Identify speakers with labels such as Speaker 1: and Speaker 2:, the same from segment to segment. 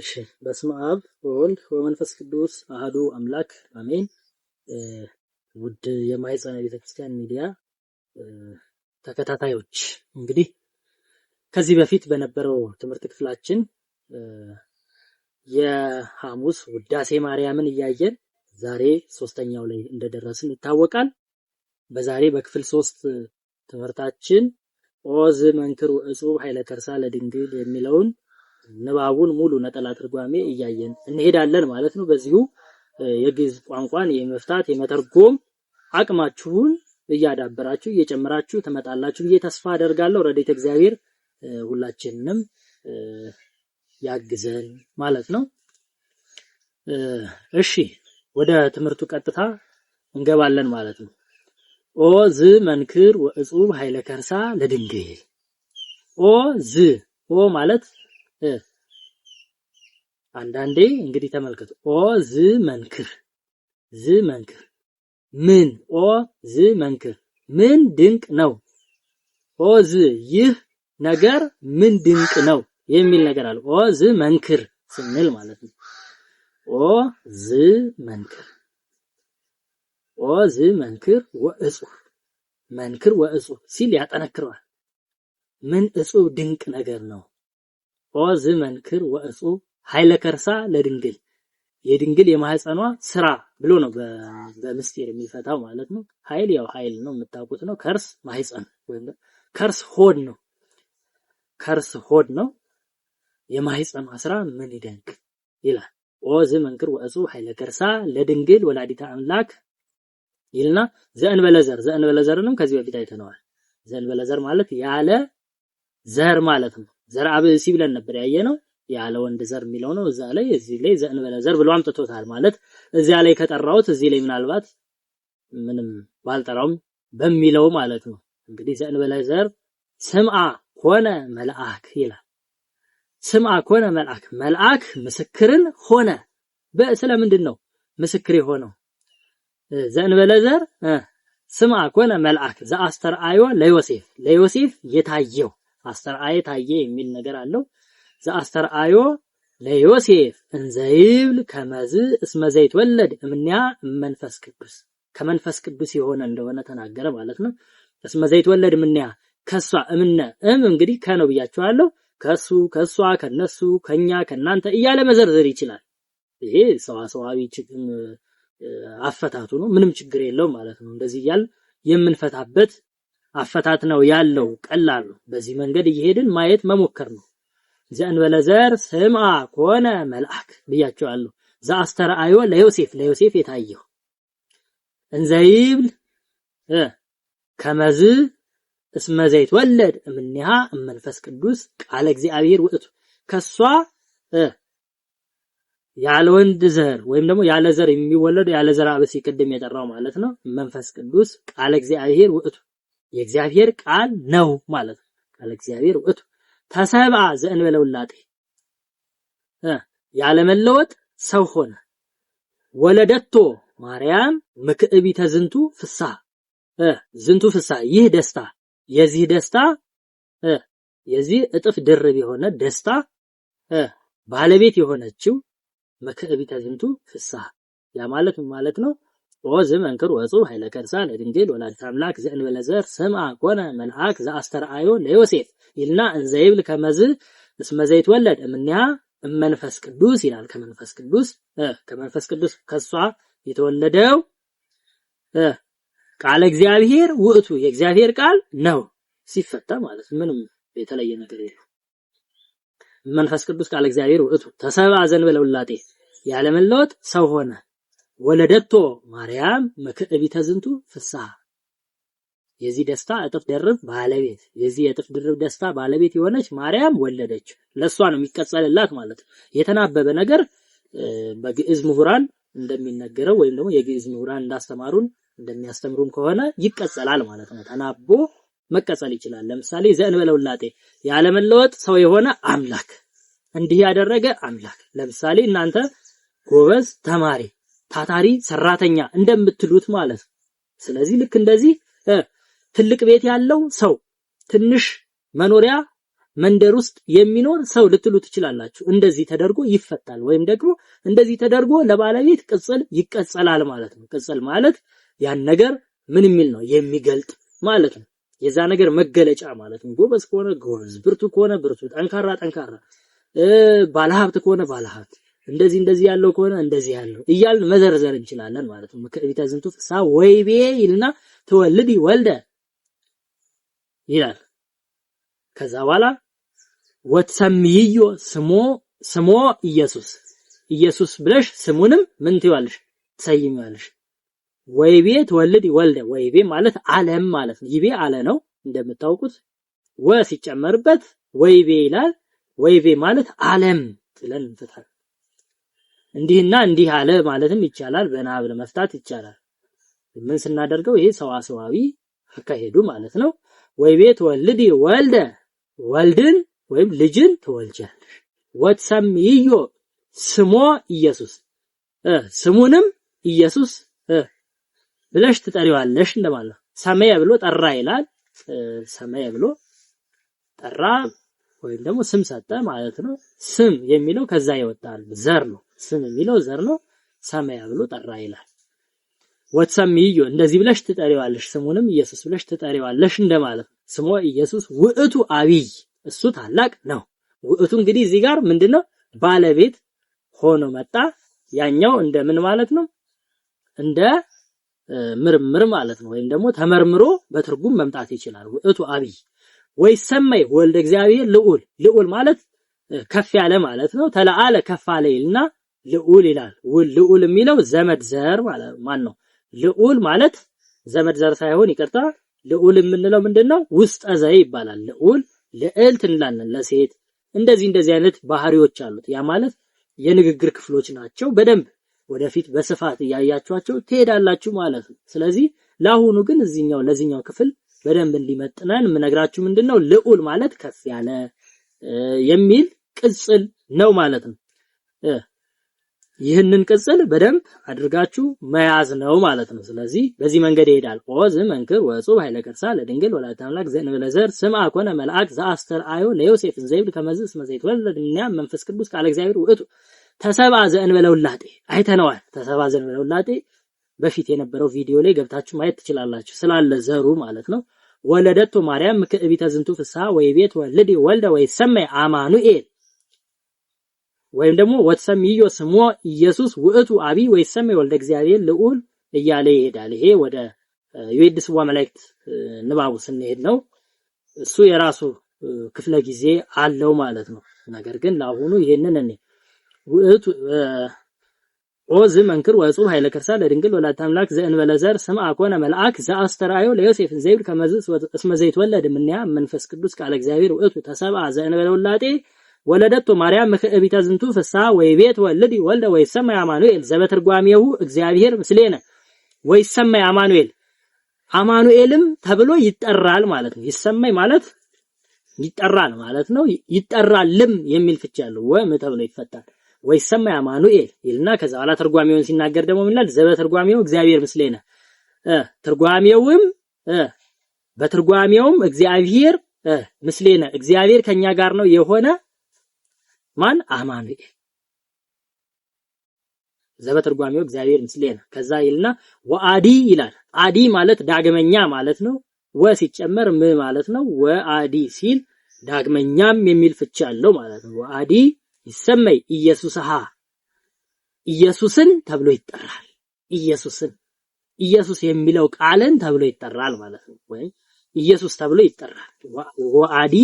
Speaker 1: እሺ በስመ አብ ወወልድ ወመንፈስ ቅዱስ አህዱ አምላክ አሜን። ውድ የማኅፀነ ቤተክርስቲያን ሚዲያ ተከታታዮች እንግዲህ ከዚህ በፊት በነበረው ትምህርት ክፍላችን የሐሙስ ውዳሴ ማርያምን እያየን ዛሬ ሶስተኛው ላይ እንደደረስን ይታወቃል። በዛሬ በክፍል ሶስት ትምህርታችን ኦዝ መንክሩ እጹብ ኃይለ ከርሳ ለድንግል የሚለውን ንባቡን ሙሉ ነጠላ ትርጓሜ እያየን እንሄዳለን ማለት ነው። በዚሁ የግዕዝ ቋንቋን የመፍታት የመተርጎም አቅማችሁን እያዳበራችሁ እየጨመራችሁ ትመጣላችሁ ብዬ ተስፋ አደርጋለሁ። ረድኤተ እግዚአብሔር ሁላችንንም ያግዘን ማለት ነው። እሺ ወደ ትምህርቱ ቀጥታ እንገባለን ማለት ነው። ኦ ዝ መንክር ወእጹብ ኃይለ ከርሳ ለድንግል ኦ ዝ ኦ ማለት አንዳንዴ እንግዲህ ተመልከቱ። ኦ ዝ መንክር ዝ መንክር ምን ኦ ዝ መንክር ምን ድንቅ ነው። ኦ ዝ ይህ ነገር ምን ድንቅ ነው የሚል ነገር አለ። ኦ ዝ መንክር ስንል ማለት ነው። ኦ ዝ መንክር ኦ ዝ መንክር ወእጹብ መንክር ወእጹብ ሲል ያጠነክረዋል። ምን እጹብ ድንቅ ነገር ነው ኦ መንክር ወእጹ ኃይለ ከርሳ ለድንግል የድንግል የማህፀኗ ስራ ብሎ ነው በምስጢር የሚፈታው ማለት ነው። ኃይል ያው ኃይል ነው የምታውቁት ነው። ከርስ ማህፀን ወይም ከርስ ሆድ ነው። ከርስ ሆድ ነው። የማህፀኗ ስራ ምን ይደንቅ ይላል። ኦ መንክር ወእጹ ኃይለ ከርሳ ለድንግል ወላዲታ አምላክ ይልና ዘእንበለዘር ዘእንበለዘርንም ከዚህ በፊት አይተነዋል። ዘእንበለዘር ማለት ያለ ዘር ማለት ነው። ዘር አብእሲ ብለን ነበር ያየነው። ነው ያለ ወንድ ዘር የሚለው ነው። እዛ ላይ እዚህ ላይ ዘእንበለ ዘር ብሎ አምጥቶታል ማለት እዚያ ላይ ከጠራውት እዚህ ላይ ምናልባት ምንም ባልጠራውም በሚለው ማለት ነው። እንግዲህ ዘእንበለ ዘር ስምአ ሆነ መልአክ ይላል። ስምአ ኮነ መልአክ መልአክ ምስክርን ሆነ ስለምንድን ነው ምስክር የሆነው? ዘእንበለ ዘር ስምአ ኮነ መልአክ ዘአስተርአዮ ለዮሴፍ ለዮሴፍ የታየው አስተርአየ ታየ የሚል ነገር አለው። ዘአስተርአዮ ለዮሴፍ እንዘይብል ከመዝ እስመ ዘይት ወለድ እምንያ መንፈስ ቅዱስ ከመንፈስ ቅዱስ የሆነ እንደሆነ ተናገረ ማለት ነው። እስመ ዘይት ወለድ እምንያ ከሷ እምነ እም እንግዲህ ከነው ብያችኋለሁ። ከሱ ከሷ ከነሱ ከኛ ከናንተ እያለ መዘርዘር ይችላል። ይሄ ሰዋሰዋዊ አፈታቱ ነው። ምንም ችግር የለውም ማለት ነው። እንደዚህ እያል የምንፈታበት አፈታት ነው ያለው። ቀላል ነው። በዚህ መንገድ እየሄድን ማየት መሞከር ነው። ዘእንበለ ዘር ስምዐ ኮነ መልአክ ብያቸዋለሁ። ዘአስተርአዮ ለዮሴፍ ለዮሴፍ የታየው እንዘይብል ከመዝ እስመ ዘይት ወለድ እምኔሃ እመንፈስ ቅዱስ ቃለ እግዚአብሔር ውእቱ ከሷ ያለ ወንድ ዘር ወይም ደግሞ ያለ ዘር የሚወለድ ያለ ዘር አበሲ ቅድም የጠራው ማለት ነው። መንፈስ ቅዱስ ቃለ እግዚአብሔር ውእቱ የእግዚአብሔር ቃል ነው ማለት ነው። ቃለ እግዚአብሔር ውእቱ ተሰብአ ዘእንበለ ውላጤ ያለመለወጥ ሰው ሆነ። ወለደቶ ማርያም ምክዕቢተ ዝንቱ ፍስሐ ዝንቱ ፍሳ ይህ ደስታ የዚህ ደስታ የዚህ እጥፍ ድርብ የሆነ ደስታ ባለቤት የሆነችው ምክዕቢተ ዝንቱ ፍሳ ያ ማለት ማለት ነው። ዖዝ መንክር ወፁ ኃይለ ከርሳ ለድንግል ወላዲተ አምላክ ዘእንበለ ዘር ስምዐ ኮነ መልአክ ዘአስተርአዮ ለዮሴፍ ይልና እንዘይብል ከመዝ እስመ ዘይትወለድ እምኔሃ እመንፈስ ቅዱስ ይላል። ከመንፈስ ቅዱስ ከመንፈስ ቅዱስ ከሷ የተወለደው ቃለ እግዚአብሔር ውእቱ የእግዚአብሔር ቃል ነው። ሲፈታ ማለት ምንም የተለየ ነገር የለም። መንፈስ ቅዱስ ቃለ እግዚአብሔር ውእቱ ተሰብአ ዘእንበለ ውላጤ ያለመለወጥ ሰው ሆነ። ወለደቶ ማርያም መክዕቢተ ዝንቱ ፍስሐ የዚህ ደስታ እጥፍ ድርብ ባለቤት የዚህ እጥፍ ድርብ ደስታ ባለቤት የሆነች ማርያም ወለደች። ለእሷ ነው የሚቀጸልላት ማለት ነው። የተናበበ ነገር በግዕዝ ምሁራን እንደሚነገረው ወይም ደግሞ የግዕዝ ምሁራን እንዳስተማሩን እንደሚያስተምሩን ከሆነ ይቀጸላል ማለት ነው። ተናቦ መቀጸል ይችላል። ለምሳሌ ዘእንበለ ውላጤ ያለመለወጥ ሰው የሆነ አምላክ፣ እንዲህ ያደረገ አምላክ። ለምሳሌ እናንተ ጎበዝ ተማሪ ታታሪ ሰራተኛ እንደምትሉት ማለት ነው። ስለዚህ ልክ እንደዚህ ትልቅ ቤት ያለው ሰው ትንሽ መኖሪያ መንደር ውስጥ የሚኖር ሰው ልትሉ ትችላላችሁ። እንደዚህ ተደርጎ ይፈታል፣ ወይም ደግሞ እንደዚህ ተደርጎ ለባለቤት ቅጽል ይቀጸላል ማለት ነው። ቅጽል ማለት ያን ነገር ምን የሚል ነው የሚገልጥ ማለት ነው። የዛ ነገር መገለጫ ማለት ነው። ጎበዝ ከሆነ ጎበዝ፣ ብርቱ ከሆነ ብርቱ፣ ጠንካራ ጠንካራ፣ ባለሀብት ከሆነ ባለሀብት እንደዚህ እንደዚህ ያለው ከሆነ እንደዚህ ያለው እያልን መዘርዘር እንችላለን ማለት ነው። ምክዕቢተ ዝንቱ ፍሳ ወይቤ ይልና ትወልድ ወልደ ይላል። ከዛ በኋላ ወትሰምይዮ ስሞ ስሞ ኢየሱስ ኢየሱስ ብለሽ ስሙንም ምን ትይዋለሽ? ትሰይሚዋለሽ። ወይቤ ትወልድ ወልደ ወይቤ ማለት ዓለም ማለት ነው። ይቤ አለ ነው እንደምታውቁት ወ ሲጨመርበት ወይቤ ይላል። ወይቤ ማለት ዓለም ብለን እንፈታለን። እንዲህና እንዲህ አለ ማለትም ይቻላል። በናብ ለመፍታት ይቻላል። ምን ስናደርገው ይሄ ሰዋሰዋዊ አካሄዱ ማለት ነው። ወይ ቤት ወልድ ወልደ ወልድን ወይም ልጅን ትወልጃለሽ። ይዮ ስሞ ኢየሱስ ስሙንም ኢየሱስ ብለሽ ትጠሪዋለሽ እንደማለት ነው። ሰመየ ብሎ ጠራ ይላል። ሰመየ ብሎ ጠራ ወይም ደግሞ ስም ሰጠ ማለት ነው። ስም የሚለው ከዛ ይወጣል ዘር ነው። ስም የሚለው ዘር ነው። ሰማያ ብሎ ጠራ ይላል። ወትሰሚዮ እንደዚህ ብለሽ ትጠሪዋለሽ፣ ስሙንም ኢየሱስ ብለሽ ትጠሪዋለሽ እንደማለት ስሙ ኢየሱስ ውእቱ አብይ፣ እሱ ታላቅ ነው። ውእቱ እንግዲህ እዚህ ጋር ምንድነው? ባለቤት ሆኖ መጣ። ያኛው እንደ ምን ማለት ነው? እንደ ምርምር ማለት ነው። ወይም ደግሞ ተመርምሮ በትርጉም መምጣት ይችላል። ውእቱ አብይ ወይ ሰማይ ወልደ እግዚአብሔር ልዑል ልዑል ማለት ከፍ ያለ ማለት ነው። ተለዓለ ከፍ አለ ይልና ልዑል ይላል። ውል ልዑል የሚለው ዘመድ ዘር ማን ነው? ልዑል ማለት ዘመድ ዘር ሳይሆን ይቅርታ፣ ልዑል የምንለው ምንድነው ነው? ውስጠ ዘይ ይባላል። ልዑል ልዕልት እንላለን ለሴት። እንደዚህ እንደዚህ አይነት ባህሪዎች አሉት። ያ ማለት የንግግር ክፍሎች ናቸው። በደንብ ወደፊት በስፋት እያያችኋቸው ትሄዳላችሁ ማለት ነው። ስለዚህ ለአሁኑ ግን እዚህኛው ለዚህኛው ክፍል በደንብ እንዲመጥነን የምነግራችሁ ምንድነው ልዑል ማለት ከፍ ያለ የሚል ቅጽል ነው ማለት ነው። ይህንን ቅጽል በደንብ አድርጋችሁ መያዝ ነው ማለት ነው። ስለዚህ በዚህ መንገድ ይሄዳል። ኦዝ መንክር ወጹብ ኃይለ ቅርሳ ለድንግል ወላዲተ አምላክ ዘእንበለ ዘር ስምዐ ኮነ መልአክ ዘአስተርአዮ ለዮሴፍ ዘይብል ከመዝ እስመ ዘይትወለድ መንፈስ ቅዱስ ቃለ እግዚአብሔር ውእቱ ተሰብአ ዘእንበለ ውላጤ አይተነዋል። ተሰብአ ዘእንበለ ውላጤ በፊት የነበረው ቪዲዮ ላይ ገብታችሁ ማየት ትችላላችሁ፣ ስላለ ዘሩ ማለት ነው። ወለደቶ ማርያም እምክዕቢተ ዝንቱ ፍስሐ ወይቤት ወልድ ወልደ ወይሰመይ አማኑኤል ወይም ደግሞ ወትሰምዮ ስሞ ኢየሱስ ውእቱ ወይ ወይሰመይ ወልደ እግዚአብሔር ልዑል እያለ ይሄዳል። ይሄ ወደ ዩኤድ ስዋ መላእክት ንባቡ ስንሄድ ነው። እሱ የራሱ ክፍለ ጊዜ አለው ማለት ነው። ነገር ግን ለአሁኑ ይሄንን እኔ ውእቱ ኦዝ መንክር ወጹ ኃይለ ከርሳ ለድንግል ወላዲተ አምላክ ዘእንበለ ዘር ስም አኮነ መልአክ ዘአስተራዮ ለዮሴፍ ዘይብል ከመዝ እስመ ዘይትወለድ እምኔሃ መንፈስ ቅዱስ ቃለ እግዚአብሔር ውእቱ ተሰብአ ዘእንበለ ውላጤ ወለደቶ ማርያም ምክዕቢተ ዝንቱ ፍስሐ ወይ ቤት ወልድ ወልደ ወይ ሰማይ አማኑኤል ዘበትርጓሜሁ እግዚአብሔር ምስሌነ ወይ ሰማይ አማኑኤል አማኑኤልም ተብሎ ይጠራል ማለት ነው። ይሰማይ ማለት ይጠራል ማለት ነው። ይጠራልም የሚል ፍቺ አለው። ወም ተብሎ ይፈታል። ወይ ሰማይ አማኑኤል ይልና ከዛ በኋላ ትርጓሜውን ሲናገር ደግሞ ምን ይላል? ዘበትርጓሜው እግዚአብሔር ምስሌነ ትርጓሜውም በትርጓሜውም እግዚአብሔር ምስሌነ እግዚአብሔር ከኛ ጋር ነው የሆነ ማን አማኑኤል ዘበትርጓሚው እግዚአብሔር ምስሌ ነው። ከዛ ይልና ወአዲ ይላል። አዲ ማለት ዳግመኛ ማለት ነው። ወ ሲጨመር ም ማለት ነው። ወአዲ ሲል ዳግመኛም የሚል ፍቺ አለው ማለት ነው። ወአዲ ይሰመይ ኢየሱስሃ ኢየሱስን ተብሎ ይጠራል። ኢየሱስን ኢየሱስ የሚለው ቃልን ተብሎ ይጠራል ማለት ነው። ወይ ኢየሱስ ተብሎ ይጠራል። ወአዲ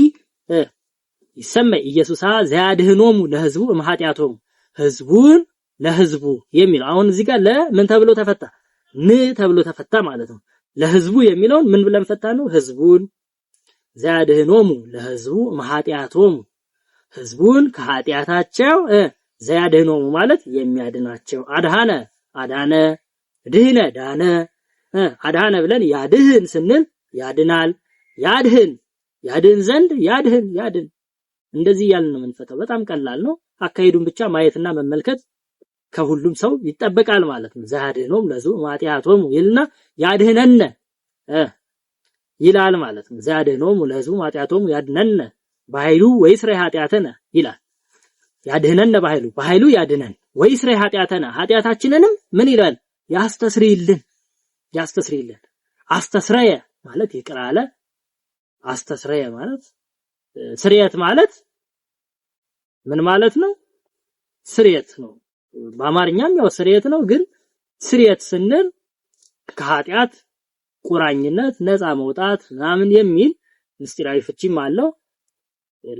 Speaker 1: ይሰመይ ኢየሱሳ ዘያድህኖሙ ለህዝቡ እምኃጢአቶሙ ህዝቡን ለህዝቡ የሚል አሁን እዚህ ጋር ለምን ተብሎ ተፈታ? ን ተብሎ ተፈታ ማለት ነው። ለህዝቡ የሚለውን ምን ብለን ፈታ ነው? ህዝቡን ዘያድህኖሙ ለህዝቡ እምኃጢአቶሙ ህዝቡን ከኃጢአታቸው ዘያድህኖሙ ማለት የሚያድናቸው አድሃነ አዳነ ድህነ ዳነ አድሃነ ብለን ያድህን ስንል ያድናል ያድህን ያድን ዘንድ ያድህን ያድን እንደዚህ እያልን ነው የምንፈተው። በጣም ቀላል ነው። አካሄዱን ብቻ ማየትና መመልከት ከሁሉም ሰው ይጠበቃል ማለት ነው። ዘያድኅኖሙ ለዙ ኃጢአቶሙ ይልና ያድኅነነ ይላል ማለት ነው። ዘያድኅኖሙ ለሕዝቡ ኃጢአቶሙ ያድኅነነ በኃይሉ ወይሥራ ኃጢአተነ ይላል። ያድኅነነ በኃይሉ በኃይሉ ያድነን ወይሥራ ኃጢአተነ ኃጢአታችንንም ምን ይላል? ያስተስርይልን ያስተስርይልን። አስተስረየ ማለት ይቅር አለ። አስተስረየ ማለት ስርየት ማለት ምን ማለት ነው? ስርየት ነው። በአማርኛም ያው ስርየት ነው፣ ግን ስርየት ስንል ከኃጢአት ቁራኝነት ነፃ መውጣት ምናምን የሚል ምስጢራዊ ፍቺም አለው።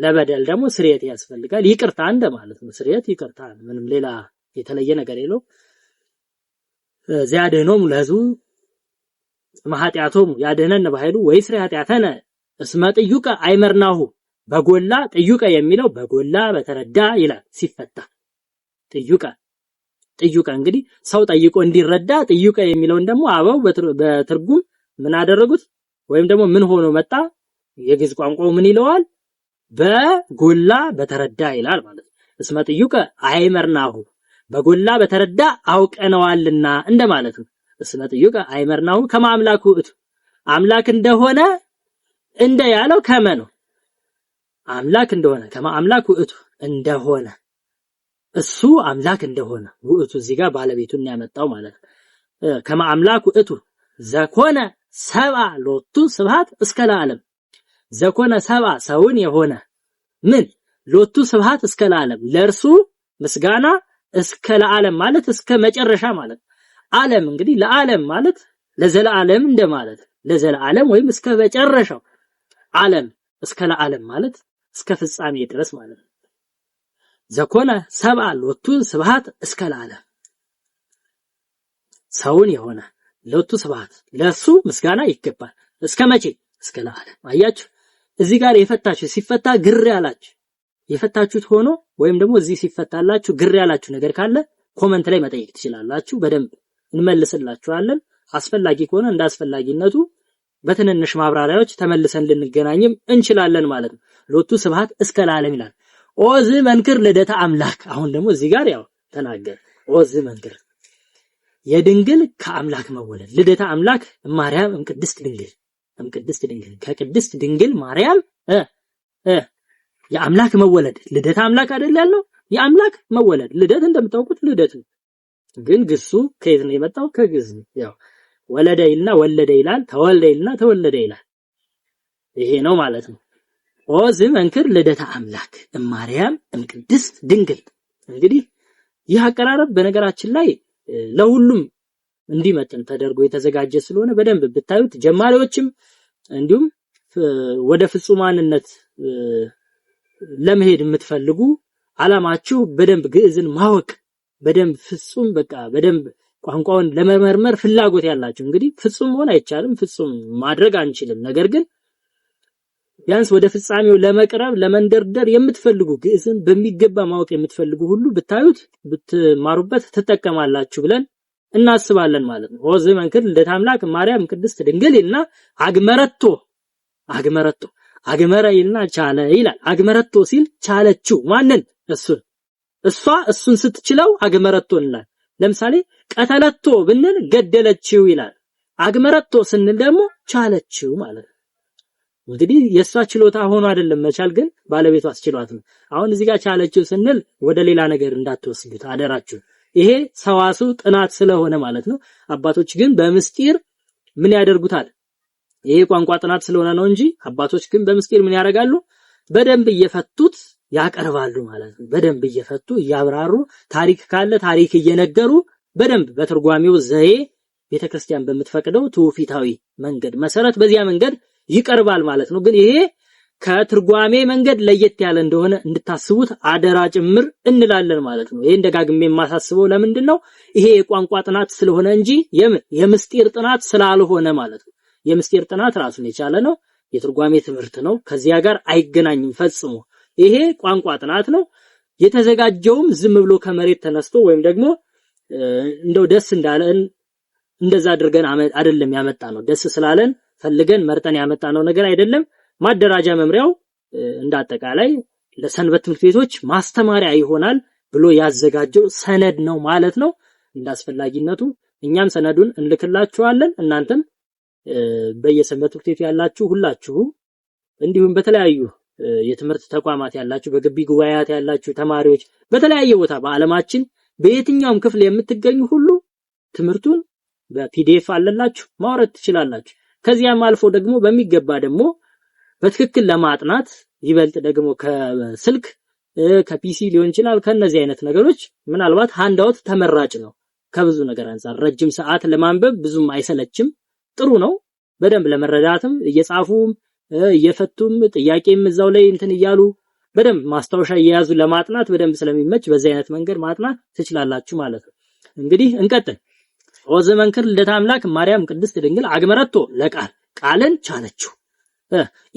Speaker 1: ለበደል ደግሞ ስርየት ያስፈልጋል። ይቅርታ እንደ ማለት ነው። ስርየት ይቅርታ፣ ምንም ሌላ የተለየ ነገር የለው። ዚያድኅኖሙ ለሕዝቡ እምኃጢአቶሙ ያድኅነነ በኃይሉ ወይስር ኃጢአተነ እስመ ጥዩቀ አይመርናሁ በጎላ ጥዩቀ የሚለው በጎላ በተረዳ ይላል ሲፈታ ጥዩቀ ጥዩቀ እንግዲህ ሰው ጠይቆ እንዲረዳ ጥዩቀ የሚለውን ደግሞ አበው በትርጉም ምን አደረጉት? ወይም ደግሞ ምን ሆኖ መጣ? የግዕዝ ቋንቋው ምን ይለዋል? በጎላ በተረዳ ይላል ማለት ነው። እስመ ጥዩቀ አይመርናሁ በጎላ በተረዳ አውቀነዋልና እንደማለት ነው። እስመ ጥዩቀ አይመርናሁ ከማምላኩ እቱ አምላክ እንደሆነ እንደያለው ከመ ነው። አምላክ እንደሆነ ከማ አምላክ ውእቱ እንደሆነ እሱ አምላክ እንደሆነ ውእቱ እዚህ ጋር ባለቤቱን ያመጣው ማለት ነው። ከማ አምላክ ውእቱ ዘኮነ ሰብአ ሎቱ ስብሃት እስከ ለዓለም ዘኮነ ሰብአ ሰውን የሆነ ምን ሎቱ ስብሃት እስከ ለዓለም ለእርሱ ምስጋና እስከ ለዓለም ማለት እስከ መጨረሻ ማለት ዓለም እንግዲህ ለዓለም ማለት ለዘለዓለም እንደማለት ለዘለዓለም ወይም እስከ መጨረሻው ዓለም እስከ ለዓለም ማለት እስከ ፍጻሜ ድረስ ማለት ነው። ዘኮነ ሰብአ ሎቱ ስብሃት እስከ ላለ ሰውን የሆነ ሎቱ ስብሃት ለሱ ምስጋና ይገባል። እስከ መቼ? እስከ ላለ። አያችሁ እዚህ ጋር የፈታችሁ ሲፈታ ግር ያላችሁ የፈታችሁት ሆኖ ወይም ደግሞ እዚህ ሲፈታላችሁ ግር ያላችሁ ነገር ካለ ኮመንት ላይ መጠየቅ ትችላላችሁ። በደንብ እንመልስላችኋለን። አስፈላጊ ከሆነ እንደ አስፈላጊነቱ በትንንሽ ማብራሪያዎች ተመልሰን ልንገናኝም እንችላለን ማለት ነው። ሎቱ ስብሐት እስከ ለዓለም ይላል። ኦዝ መንክር ልደታ አምላክ። አሁን ደግሞ እዚህ ጋር ያው ተናገር። ኦዝ መንክር የድንግል ከአምላክ መወለድ ልደታ አምላክ ማርያም እምቅድስት ድንግል እምቅድስት ድንግል ከቅድስት ድንግል ማርያም እ እ የአምላክ መወለድ ልደታ አምላክ አይደል ያለው የአምላክ መወለድ ልደት እንደምታውቁት ልደት ግን ግሱ ከየት ነው የመጣው? ከግዝ ነው ያው ወለደ ይልና ወለደ ይላል። ተወልደ ይልና ተወለደ ይላል። ይሄ ነው ማለት ነው። ኦ ዝመንክር ልደታ አምላክ እማርያም እምቅድስት ድንግል። እንግዲህ ይህ አቀራረብ በነገራችን ላይ ለሁሉም እንዲመጥን ተደርጎ የተዘጋጀ ስለሆነ በደንብ ብታዩት ጀማሪዎችም እንዲሁም ወደ ፍጹማንነት ለመሄድ የምትፈልጉ አላማችሁ በደንብ ግዕዝን ማወቅ በደንብ ፍጹም በቃ በደንብ ቋንቋውን ለመመርመር ፍላጎት ያላቸው እንግዲህ ፍጹም መሆን አይቻልም፣ ፍጹም ማድረግ አንችልም። ነገር ግን ቢያንስ ወደ ፍጻሜው ለመቅረብ ለመንደርደር የምትፈልጉ ግዕዝን በሚገባ ማወቅ የምትፈልጉ ሁሉ ብታዩት ብትማሩበት ትጠቀማላችሁ ብለን እናስባለን ማለት ነው። ሆዝ መንክር ልደታ አምላክ ማርያም ቅድስት ድንግል እና አግመረቶ አግመረቶ አግመረ ይልና ቻለ ይላል። አግመረቶ ሲል ቻለችው ማንን? እሱን እሷ እሱን ስትችለው አግመረቶ እንላል። ለምሳሌ ቀተለቶ ብንል ገደለችው ይላል። አግመረቶ ስንል ደግሞ ቻለችው ማለት ነው። እንግዲህ የእሷ ችሎታ ሆኖ አይደለም መቻል፣ ግን ባለቤቷ አስችሏት ነው። አሁን እዚህ ጋር ቻለችው ስንል ወደ ሌላ ነገር እንዳትወስዱት አደራችሁ። ይሄ ሰዋሱ ጥናት ስለሆነ ማለት ነው። አባቶች ግን በምስጢር ምን ያደርጉታል? ይሄ ቋንቋ ጥናት ስለሆነ ነው እንጂ አባቶች ግን በምስጢር ምን ያደርጋሉ? በደንብ እየፈቱት ያቀርባሉ ማለት ነው። በደንብ እየፈቱ እያብራሩ ታሪክ ካለ ታሪክ እየነገሩ በደንብ በትርጓሜው ዘዬ ቤተክርስቲያን በምትፈቅደው ትውፊታዊ መንገድ መሰረት በዚያ መንገድ ይቀርባል ማለት ነው። ግን ይሄ ከትርጓሜ መንገድ ለየት ያለ እንደሆነ እንድታስቡት አደራ ጭምር እንላለን ማለት ነው። ይሄን ደጋግሜ የማሳስበው ለምንድን ነው? ይሄ የቋንቋ ጥናት ስለሆነ እንጂ የምስጢር ጥናት ስላልሆነ ማለት ነው። የምስጢር ጥናት ራሱን የቻለ ነው። የትርጓሜ ትምህርት ነው። ከዚያ ጋር አይገናኝም ፈጽሞ። ይሄ ቋንቋ ጥናት ነው። የተዘጋጀውም ዝም ብሎ ከመሬት ተነስቶ ወይም ደግሞ እንደው ደስ እንዳለን እንደዛ አድርገን አይደለም ያመጣ ነው። ደስ ስላለን ፈልገን መርጠን ያመጣ ነው ነገር አይደለም። ማደራጃ መምሪያው እንዳጠቃላይ አጠቃላይ ለሰንበት ትምህርት ቤቶች ማስተማሪያ ይሆናል ብሎ ያዘጋጀው ሰነድ ነው ማለት ነው። እንዳስፈላጊነቱ እኛም ሰነዱን እንልክላችኋለን። እናንተም በየሰንበት ትምህርት ቤቱ ያላችሁ ሁላችሁ እንዲሁም በተለያዩ የትምህርት ተቋማት ያላችሁ፣ በግቢ ጉባኤያት ያላችሁ ተማሪዎች፣ በተለያየ ቦታ በዓለማችን በየትኛውም ክፍል የምትገኙ ሁሉ ትምህርቱን በፒዲኤፍ አለላችሁ ማውረድ ትችላላችሁ። ከዚያም አልፎ ደግሞ በሚገባ ደግሞ በትክክል ለማጥናት ይበልጥ ደግሞ ከስልክ ከፒሲ ሊሆን ይችላል። ከነዚህ አይነት ነገሮች ምናልባት ሃንዳውት ተመራጭ ነው። ከብዙ ነገር አንጻር ረጅም ሰዓት ለማንበብ ብዙም አይሰለችም፣ ጥሩ ነው። በደንብ ለመረዳትም እየጻፉም እየፈቱም ጥያቄም እዛው ላይ እንትን እያሉ በደንብ ማስታወሻ እየያዙ ለማጥናት በደንብ ስለሚመች በዚህ አይነት መንገድ ማጥናት ትችላላችሁ ማለት ነው። እንግዲህ እንቀጥል። ኦዘ ልደት አምላክ ማርያም ቅድስት ድንግል አግመረቶ ለቃል ቃልን ቻለችው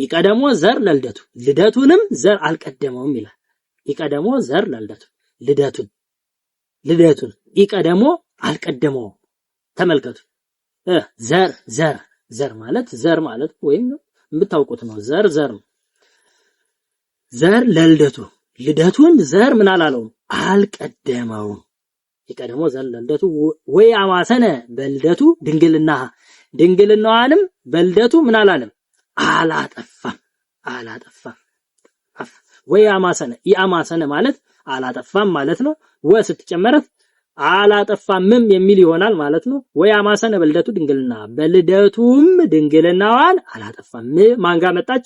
Speaker 1: ይቀደሞ ዘር ለልደቱ ልደቱንም ዘር አልቀደመውም ይላል። ይቀደሞ ዘር ለልደቱ ልደቱን ልደቱን ይቀደሞ አልቀደመውም። ተመልከቱ ዘር ዘር ዘር ማለት ዘር ማለት ወይም የምታውቁት ነው። ዘር ዘር ነው። ዘር ለልደቱ ልደቱን ዘር ምን አላለውም አልቀደመውም። የቀደመው ዘር ለልደቱ ወይ አማሰነ በልደቱ ድንግልና ድንግልናዋንም በልደቱ ምን አላለም አላጠፋም አላጠፋም። ወይ አማሰነ ይአማሰነ ማለት አላጠፋም ማለት ነው። ወ ስትጨመረት አላጠፋምም የሚል ይሆናል ማለት ነው። ወይ አማሰነ በልደቱ ድንግልና በልደቱም ድንግልናዋን አላጠፋም። ማንጋ መጣች?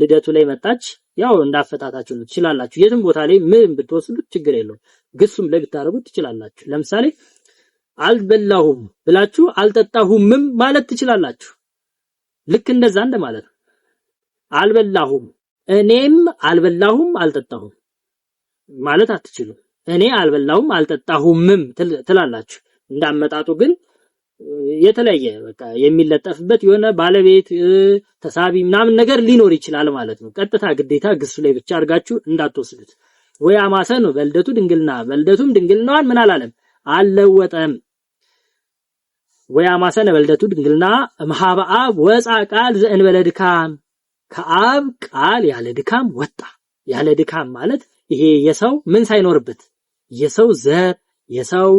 Speaker 1: ልደቱ ላይ መጣች። ያው እንዳፈታታችሁ ነው ትችላላችሁ። የትም ቦታ ላይ ምን ብትወስዱት ችግር የለውም። ግሱም ላይ ብታደርጉት ትችላላችሁ። ለምሳሌ አልበላሁም ብላችሁ አልጠጣሁምም ማለት ትችላላችሁ። ልክ እንደዛ እንደ ማለት ነው። አልበላሁም እኔም አልበላሁም አልጠጣሁም ማለት አትችሉም። እኔ አልበላሁም አልጠጣሁምም ትላላችሁ። እንዳመጣጡ ግን የተለያየ በቃ የሚለጠፍበት የሆነ ባለቤት ተሳቢ ምናምን ነገር ሊኖር ይችላል ማለት ነው። ቀጥታ ግዴታ ግሱ ላይ ብቻ አድርጋችሁ እንዳትወስዱት። ወይ አማሰ ነው በልደቱ ድንግልና በልደቱም ድንግልናዋን ምን አላለም አልለወጠም። ወይ አማሰ ነው በልደቱ ድንግልና እምኀበ አብ ወፃ ቃል ዘእንበለ ድካም፣ ከአብ ቃል ያለ ድካም ወጣ። ያለ ድካም ማለት ይሄ የሰው ምን ሳይኖርበት የሰው ዘር፣ የሰው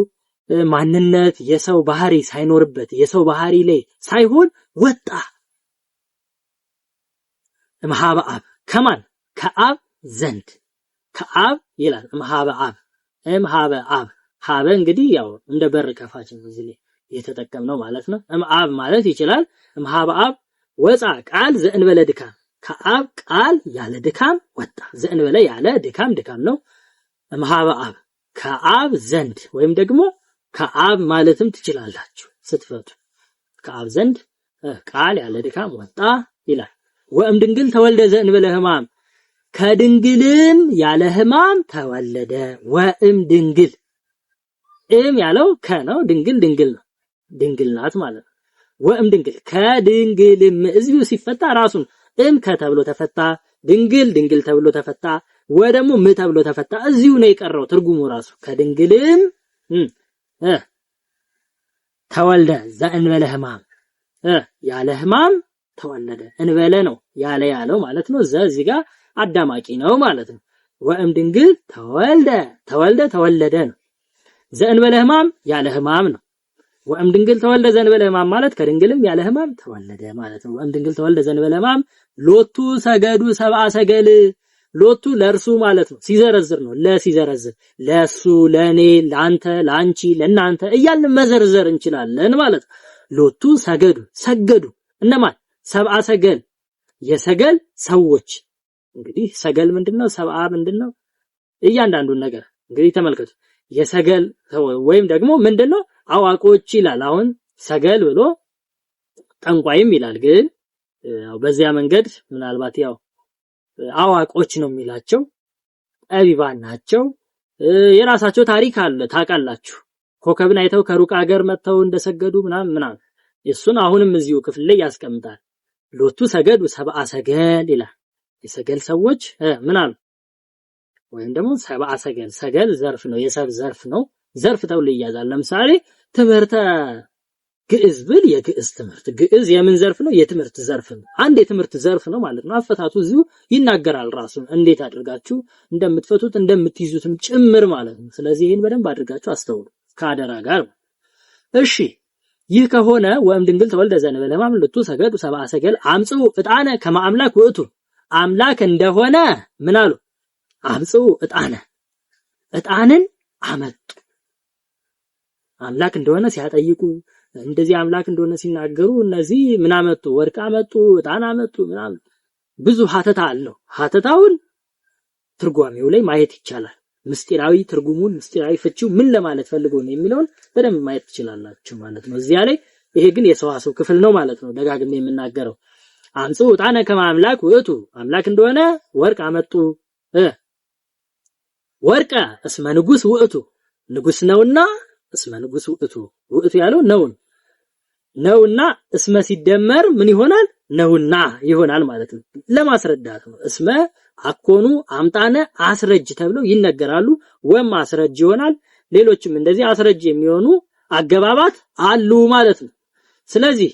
Speaker 1: ማንነት፣ የሰው ባህሪ ሳይኖርበት የሰው ባህሪ ላይ ሳይሆን ወጣ። እምሃበ አብ ከማን ከአብ ዘንድ ከአብ ይላል። እምሃበ አብ እምሃበ አብ ሀበ እንግዲህ ያው እንደ በር ከፋችን እዚህ ላይ የተጠቀምነው ማለት ነው። እምአብ ማለት ይችላል። እምሃበ አብ ወፃ ቃል ዘእንበለ ድካም ከአብ ቃል ያለ ድካም ወጣ። ዘእንበለ ያለ ድካም ድካም ነው። እምሃበ አብ ከአብ ዘንድ ወይም ደግሞ ከአብ ማለትም ትችላላችሁ ስትፈቱ ከአብ ዘንድ ቃል ያለ ድካም ወጣ ይላል። ወእም ድንግል ተወልደ ዘእንበለ ሕማም ከድንግልም ያለ ሕማም ተወለደ። ወእም ድንግል እም ያለው ከነው ድንግል ድንግል ነው ድንግል ናት ማለት ነው። ወእም ድንግል ከድንግልም እዚሁ ሲፈታ ራሱን እም ከተብሎ ተፈታ፣ ድንግል ድንግል ተብሎ ተፈታ። ወይ ደግሞ ም ተብሎ ተፈታ። እዚሁ ነው የቀረው ትርጉሙ ራሱ ከድንግልም ተወልደ ዘእንበለ ህማም ያለ ህማም ተወለደ። እንበለ ነው ያለ ያለው ማለት ነው። ዘ እዚህ ጋር አዳማቂ ነው ማለት ነው። ወእም ድንግል ተወልደ ተወልደ ተወለደ ነው። ዘእንበለ ህማም ያለ ህማም ነው። ወእም ድንግል ተወልደ ዘእንበለ ህማም ማለት ከድንግልም ያለ ህማም ተወለደ ማለት ነው። ወእም ድንግል ተወልደ ዘእንበለ ህማም ሎቱ ሰገዱ ሰብአ ሰገል ሎቱ ለእርሱ ማለት ነው። ሲዘረዝር ነው ለሲዘረዝር ለሱ፣ ለኔ፣ ለአንተ፣ ለአንቺ፣ ለእናንተ እያልን መዘርዘር እንችላለን ማለት ነው። ሎቱ ሰገዱ ሰገዱ እነማን? ሰብአ ሰገል የሰገል ሰዎች እንግዲህ ሰገል ምንድነው? ሰብአ ምንድነው? እያንዳንዱን ነገር እንግዲህ ተመልከቱ። የሰገል ወይም ደግሞ ምንድነው አዋቆች ይላል። አሁን ሰገል ብሎ ጠንቋይም ይላል። ግን በዚያ መንገድ ምናልባት ያው አዋቆች ነው የሚላቸው፣ ጠቢባን ናቸው። የራሳቸው ታሪክ አለ። ታውቃላችሁ፣ ኮከብን አይተው ከሩቅ ሀገር መጥተው እንደሰገዱ ምናምን ምናምን። እሱን አሁንም እዚሁ ክፍል ላይ ያስቀምጣል። ሎቱ ሰገዱ ሰብአ ሰገል ይላል። የሰገል ሰዎች ምን ወይም ደግሞ ሰብአ ሰገል። ሰገል ዘርፍ ነው፣ የሰብ ዘርፍ ነው። ዘርፍ ተብሎ ይያዛል። ለምሳሌ ትምህርተ ግዕዝ ብል የግዕዝ ትምህርት ግዕዝ የምን ዘርፍ ነው? የትምህርት ዘርፍ ነው። አንድ የትምህርት ዘርፍ ነው ማለት ነው። አፈታቱ እዚሁ ይናገራል ራሱን እንዴት አድርጋችሁ እንደምትፈቱት እንደምትይዙትም ጭምር ማለት ነው። ስለዚህ ይህን በደንብ አድርጋችሁ አስተውሉ ከአደራ ጋር። እሺ ይህ ከሆነ ወእም ድንግል ተወልደ ዘእንበለ ማምልቱ ሰገዱ ሰብአ ሰገል አምጽኡ እጣነ ከመ አምላክ ውእቱ አምላክ እንደሆነ ምን አሉ? አምጽኡ እጣነ እጣንን አመጡ አምላክ እንደሆነ ሲያጠይቁ እንደዚህ አምላክ እንደሆነ ሲናገሩ እነዚህ ምን አመጡ? ወርቅ አመጡ፣ ዕጣን አመጡ፣ ምናምን ብዙ ሀተታ አለው። ሀተታውን ትርጓሜው ላይ ማየት ይቻላል። ምስጢራዊ ትርጉሙን ምስጢራዊ ፍቺው ምን ለማለት ፈልጎ ነው የሚለውን በደንብ ማየት ትችላላችሁ ማለት ነው። እዚያ ላይ ይሄ ግን የሰዋሰው ክፍል ነው ማለት ነው። ደጋግሜ የምናገረው አንጹ ዕጣነ ከማምላክ አምላክ ውእቱ፣ አምላክ እንደሆነ ወርቅ አመጡ። ወርቀ እስመ ንጉስ ውእቱ፣ ንጉስ ነውና እስመ ንጉሥ ውእቱ ውእቱ ያለው ነውን ነውና እስመ ሲደመር ምን ይሆናል? ነውና ይሆናል ማለት ነው። ለማስረዳት ነው። እስመ አኮኑ አምጣነ አስረጅ ተብለው ይነገራሉ። ወም አስረጅ ይሆናል። ሌሎችም እንደዚህ አስረጅ የሚሆኑ አገባባት አሉ ማለት ነው። ስለዚህ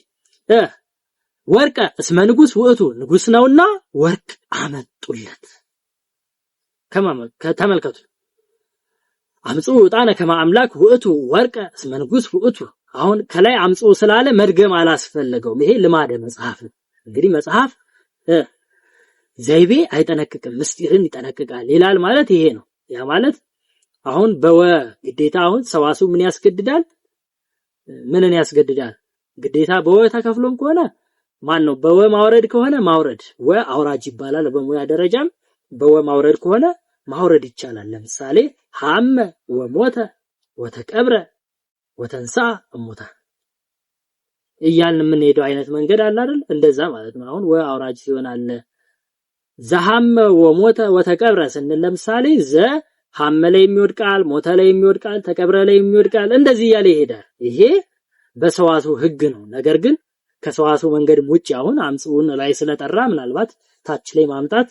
Speaker 1: ወርቀ እስመ ንጉሥ ውእቱ ንጉሥ ነውና ወርቅ አመጡለት። ከማመ ተመልከቱ አምጾ ዕጣነ ከመ አምላክ ውእቱ ወርቀ እስመ ንጉሥ ውእቱ። አሁን ከላይ አምጾ ስላለ መድገም አላስፈለገውም። ይሄ ልማደ መጽሐፍ እንግዲህ መጽሐፍ ዘይቤ አይጠነቅቅም፣ ምስጢርን ይጠነቅቃል ይላል ማለት ይሄ ነው። ያ ማለት አሁን በወ ግዴታ አሁን ሰዋሱ ምን ያስገድዳል? ምንን ያስገድዳል? ግዴታ በወ ተከፍሎም ከሆነ ማን ነው በወ ማውረድ ከሆነ ማውረድ ወ አውራጅ ይባላል። በሙያ ደረጃም በወ ማውረድ ከሆነ ማውረድ ይቻላል። ለምሳሌ ሐመ ወሞተ ወተቀብረ ወተንሳ እሙታ እያልን የምንሄደው አይነት መንገድ አለ አይደል? እንደዛ ማለት ነው። አሁን አውራጅ ሲሆን አለ ዘሐመ ወሞተ ወተቀብረ ስንል ለምሳሌ ዘ ሐመ ላይ የሚወድቃል፣ ሞተ ላይ የሚወድቃል፣ ተቀብረ ላይ የሚወድቃል። እንደዚህ እያለ ይሄዳል። ይሄ በሰዋሱ ህግ ነው። ነገር ግን ከሰዋሱ መንገድም ውጭ አሁን አምጽውን ላይ ስለጠራ ምናልባት ታች ላይ ማምጣት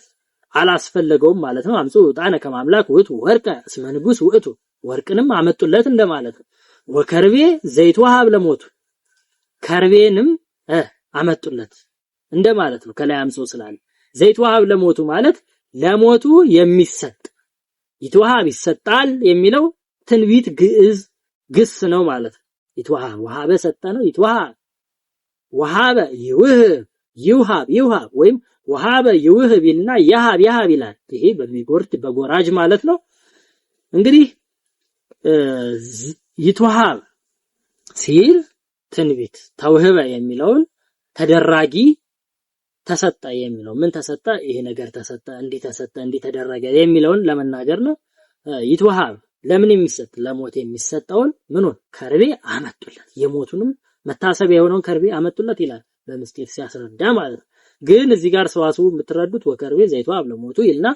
Speaker 1: አላስፈለገውም ማለት ነው። አምጽኡ ዕጣነ ከማምላክ ውእቱ ወርቀ እስመ ንጉሥ ውእቱ ወርቅንም አመጡለት እንደማለት ነው። ወከርቤ ዘይት ውሃብ ለሞቱ ከርቤንም አመጡለት እንደማለት ነው። ከላይ አምጾ ስላለ ዘይት ውሃብ ለሞቱ ማለት ለሞቱ የሚሰጥ ይትወሃብ ይሰጣል የሚለው ትንቢት ግዕዝ ግስ ነው ማለት ነው። ይትወሃብ ወሃበ ሰጠ ነው። ይትወሃብ ውሃበ ይውህብ ይውሃብ ይውሃብ ወይም ወሃበ ይውህብ እና ያሃብ ያሃብ ይላል። ይሄ በሚጎርድ በጎራጅ ማለት ነው። እንግዲህ ይትወሃብ ሲል ትንቢት ተውህበ የሚለውን ተደራጊ ተሰጠ የሚለው ምን ተሰጠ፣ ይሄ ነገር ተሰጠ፣ እንዲህ ተሰጠ፣ እንዲህ ተደረገ የሚለውን ለመናገር ነው። ይትወሃብ ለምን የሚሰጥ ለሞት የሚሰጠውን ምኑን ከርቤ አመጡለት፣ የሞቱንም መታሰቢያ የሆነውን ከርቤ አመጡለት ይላል በምስጢር ሲያስረዳ ማለት ነው። ግን እዚህ ጋር ሰዋስቡ የምትረዱት ወከርቤ ዘይቶ አብለሞቱ ይልና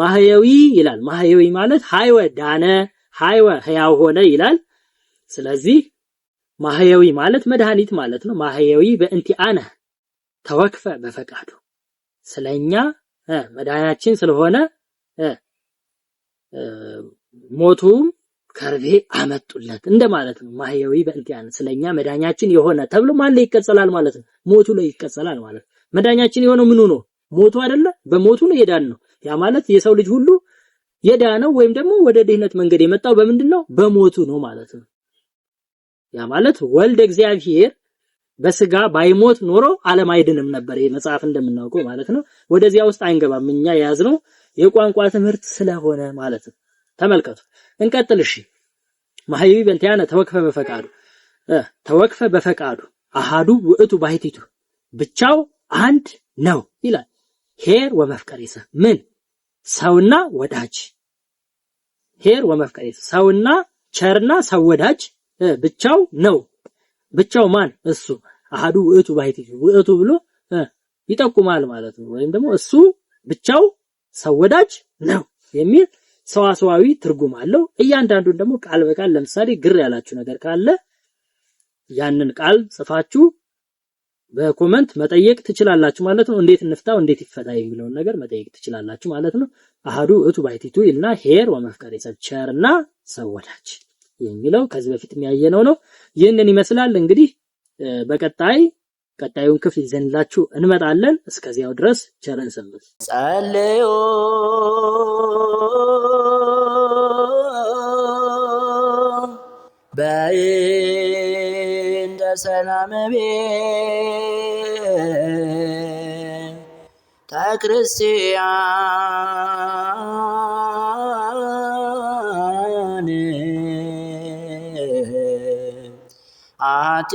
Speaker 1: ማህያዊ ይላል። ማህያዊ ማለት ሃይወ ዳነ፣ ሃይወ ህያው ሆነ ይላል። ስለዚህ ማህያዊ ማለት መድኃኒት ማለት ነው። ማህያዊ በእንቲአነ ተወክፈ በፈቃዱ ስለኛ መድኃኒታችን ስለሆነ ሞቱም ከርቤ አመጡለት እንደማለት ነው። ማህየዊ በእንቲአነ ስለኛ መድኃኒታችን የሆነ ተብሎ ማን ላይ ይቀጸላል ማለት ነው? ሞቱ ላይ ይቀጸላል ማለት ነው። መዳኛችን የሆነው ምኑ ነው? ሞቱ አይደለ? በሞቱ ነው የዳን ነው። ያ ማለት የሰው ልጅ ሁሉ የዳነው ወይም ደግሞ ወደ ድህነት መንገድ የመጣው በምንድን ነው? በሞቱ ነው ማለት ነው። ያ ማለት ወልድ እግዚአብሔር በስጋ ባይሞት ኖሮ ዓለም አይድንም ነበር። ይሄ መጽሐፍ እንደምናውቀው ማለት ነው። ወደዚያ ውስጥ አይንገባም። እኛ የያዝነው የቋንቋ ትምህርት ስለሆነ ማለት ነው። ተመልከቱ፣ እንቀጥል። እሺ ማህይቢ በእንቲያነ ተወክፈ በፈቃዱ ተወክፈ በፈቃዱ አሃዱ ውእቱ ባሕቲቱ ብቻው አንድ ነው ይላል። ሄር ወመፍቀሬሰ ምን ሰውና ወዳጅ ሄር ወመፍቀሬሰ ሰውና ቸርና ሰው ወዳጅ ብቻው ነው ብቻው ማን እሱ አሃዱ ውእቱ ባሕቲ ውእቱ ብሎ ይጠቁማል ማለት ነው። ወይም ደግሞ እሱ ብቻው ሰው ወዳጅ ነው የሚል ሰዋሰዋዊ ትርጉም አለው። እያንዳንዱን ደግሞ ቃል በቃል ለምሳሌ ግር ያላችሁ ነገር ካለ ያንን ቃል ጽፋችሁ በኮመንት መጠየቅ ትችላላችሁ ማለት ነው። እንዴት እንፍታው እንዴት ይፈታ የሚለውን ነገር መጠየቅ ትችላላችሁ ማለት ነው። አሃዱ እቱ ባይቲቱ እና ሄር ወመፍቀር የሰቸር እና የሚለው ከዚህ በፊት የሚያየነው ነው። ይህንን ይመስላል እንግዲህ በቀጣይ ቀጣዩን ክፍል ይዘንላችሁ እንመጣለን። እስከዚያው ድረስ ቸርን ሰንብት። ሰላምቤ ተክርስቲያን አቲ